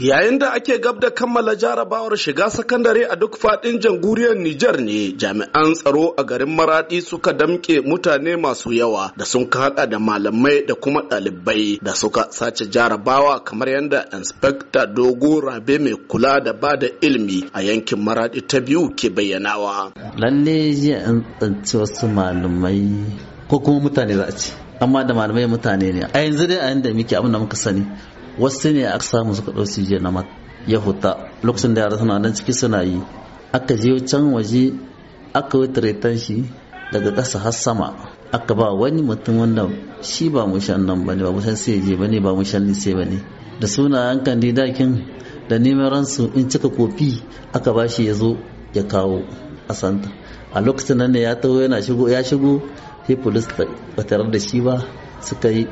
Yayin da ake gab da kammala jarabawar shiga sakandare a duk faɗin jamhuriyar Nijar ne jami'an tsaro a garin Maradi suka damƙe mutane masu yawa da sun haɗa da malamai da kuma ɗalibai da suka sace jarabawa kamar yadda Inspekta Dogo Rabe mai kula da ba da ilimi a yankin Maradi ta biyu ke bayyanawa. Lalle ji an tsanci wasu malamai ko kuma mutane za a ce. Amma da malamai mutane ne a yanzu dai a yanda muke abin da muka sani wasu ne aka samu suka ɗau je na ya huta lokacin da yara suna nan ciki suna yi aka je can waje aka yi tiretan shi daga ƙasa har sama aka ba wani mutum wanda shi ba shan nan ba ne ba mushan sai je ne ba mu sai lise ne. da suna an kandidakin da neman ransu in cika kofi aka ba shi ya zo ya kawo a santa a lokacin nan ne ya taho yana shigo ya shigo sai polis ba tare da shi ba suka yi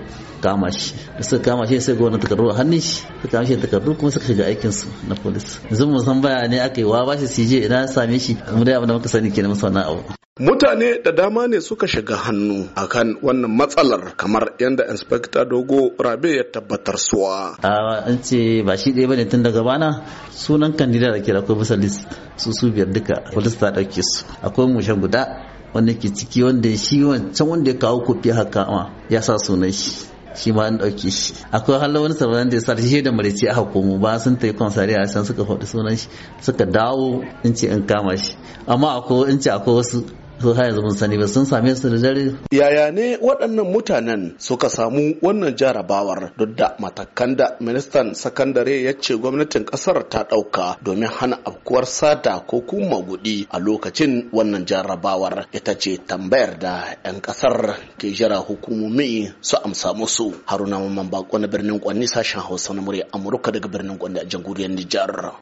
kama shi da suka kama shi sai ga takardu a hannun shi kama shi takardu kuma suka shiga aikin su na polis yanzu mun san baya ne aka yi wa ba shi CJ ina same shi mu dai abin da muka sani kenan masa wannan abu Mutane da dama ne suka shiga hannu akan wannan matsalar kamar yadda Inspector Dogo Rabe ya tabbatar suwa. An ce ba shi ɗaya bane tun daga bana sunan kandida da ke akwai bisa list su su biyar duka polis ta ɗauke su akwai mushen guda wanda ke ciki wanda shi wancan wanda ya kawo kofi haka ma ya sa sunan shi shi ma an dauke shi akwai halin wani sauran da ya sa shi da marice a hukumu ba sun ta yi kwansari a san suka faɗi sunan shi suka dawo in ce in kama shi amma akwai in ce akwai wasu su yanzu sani ba sun same su da dare yaya ne waɗannan mutanen suka samu wannan jarabawar duk da matakan da ministan sakandare ya ce gwamnatin ƙasar ta ɗauka domin hana afkuwar sada ko kuma guɗi a lokacin wannan jarabawar ita ce tambayar da 'yan ƙasar ke jira hukumomi su amsa musu haruna mamman bako birnin kwanni sashen hausa na murya amurka daga birnin kwanni a jamhuriyar nijar